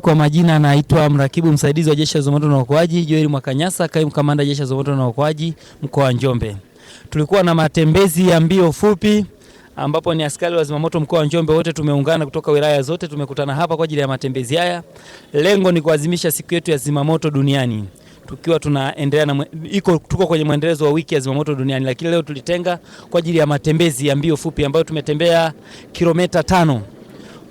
Kwa majina anaitwa mrakibu msaidizi wa jeshi la zimamoto na uokoaji Joel Mwakanyasa, kaimu kamanda jeshi la zimamoto na uokoaji mkoa wa Njombe. Tulikuwa na matembezi ya mbio fupi ambapo ni askari wa zimamoto mkoa wa Njombe wote tumeungana kutoka wilaya zote, tumekutana hapa kwa ajili ya matembezi haya. Lengo ni kuadhimisha siku yetu ya zimamoto duniani tukiwa tunaendelea na iko tuko kwenye mwendelezo wa wiki ya zimamoto duniani, lakini leo tulitenga kwa ajili ya matembezi ya mbio fupi ambayo tumetembea kilomita tano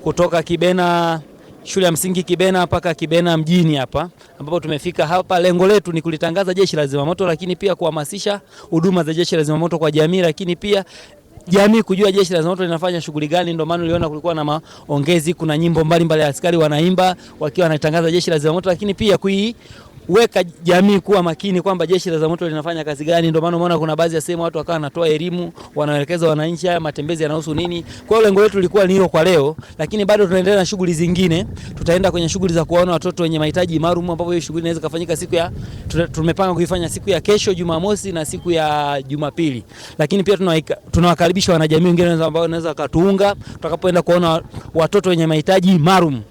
kutoka Kibena shule ya msingi Kibena mpaka Kibena mjini hapa ambapo tumefika hapa. Lengo letu ni kulitangaza jeshi la zimamoto, lakini pia kuhamasisha huduma za jeshi la zimamoto kwa jamii, lakini pia jamii kujua jeshi la zimamoto linafanya shughuli gani. Ndio maana uliona kulikuwa na maongezi, kuna nyimbo mbalimbali ya askari wanaimba wakiwa wanatangaza jeshi la zimamoto, lakini pia kui kuweka jamii kuwa makini kwamba jeshi la zimamoto linafanya kazi gani. Ndio maana umeona kuna baadhi ya sehemu watu wakawa wanatoa elimu, wanaelekeza wananchi haya matembezi yanahusu nini. Kwa hiyo lengo letu lilikuwa ni hilo kwa leo, lakini bado tunaendelea na shughuli zingine. Tutaenda kwenye shughuli za kuwaona watoto wenye mahitaji maalum, ambapo hiyo shughuli inaweza kufanyika siku ya tumepanga kuifanya siku ya kesho Jumamosi na siku ya Jumapili, lakini pia tunawakaribisha wanajamii wengine ambao wanaweza wakatuunga tutakapoenda kuona watoto wenye mahitaji maalum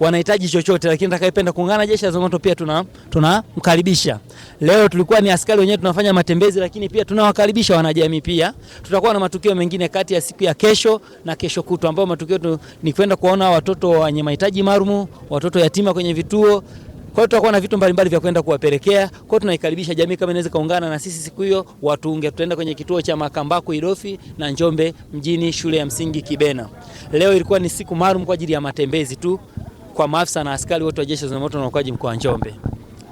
wanahitaji chochote, lakini atakayependa kuungana jeshi la zimamoto pia tuna tunamkaribisha. Leo tulikuwa ni askari wenyewe tunafanya matembezi, lakini pia tunawakaribisha wanajamii pia. Tutakuwa na matukio mengine kati ya siku ya kesho na kesho kutwa, ambayo matukio tu, ni kwenda kuona watoto wenye mahitaji maalum, watoto yatima kwenye vituo kwa hiyo tutakuwa na vitu mbalimbali vya kwenda kuwapelekea. Kwa hiyo tunaikaribisha jamii kama inaweza kaungana na sisi siku hiyo, watuunge. Tutaenda kwenye kituo cha Makambako Idofi na Njombe mjini, shule ya msingi Kibena. Leo ilikuwa ni siku maalum kwa ajili ya matembezi tu kwa maafisa na askari wote wa jeshi la zimamoto na uokoaji mkoa wa Njombe.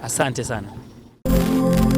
Asante sana.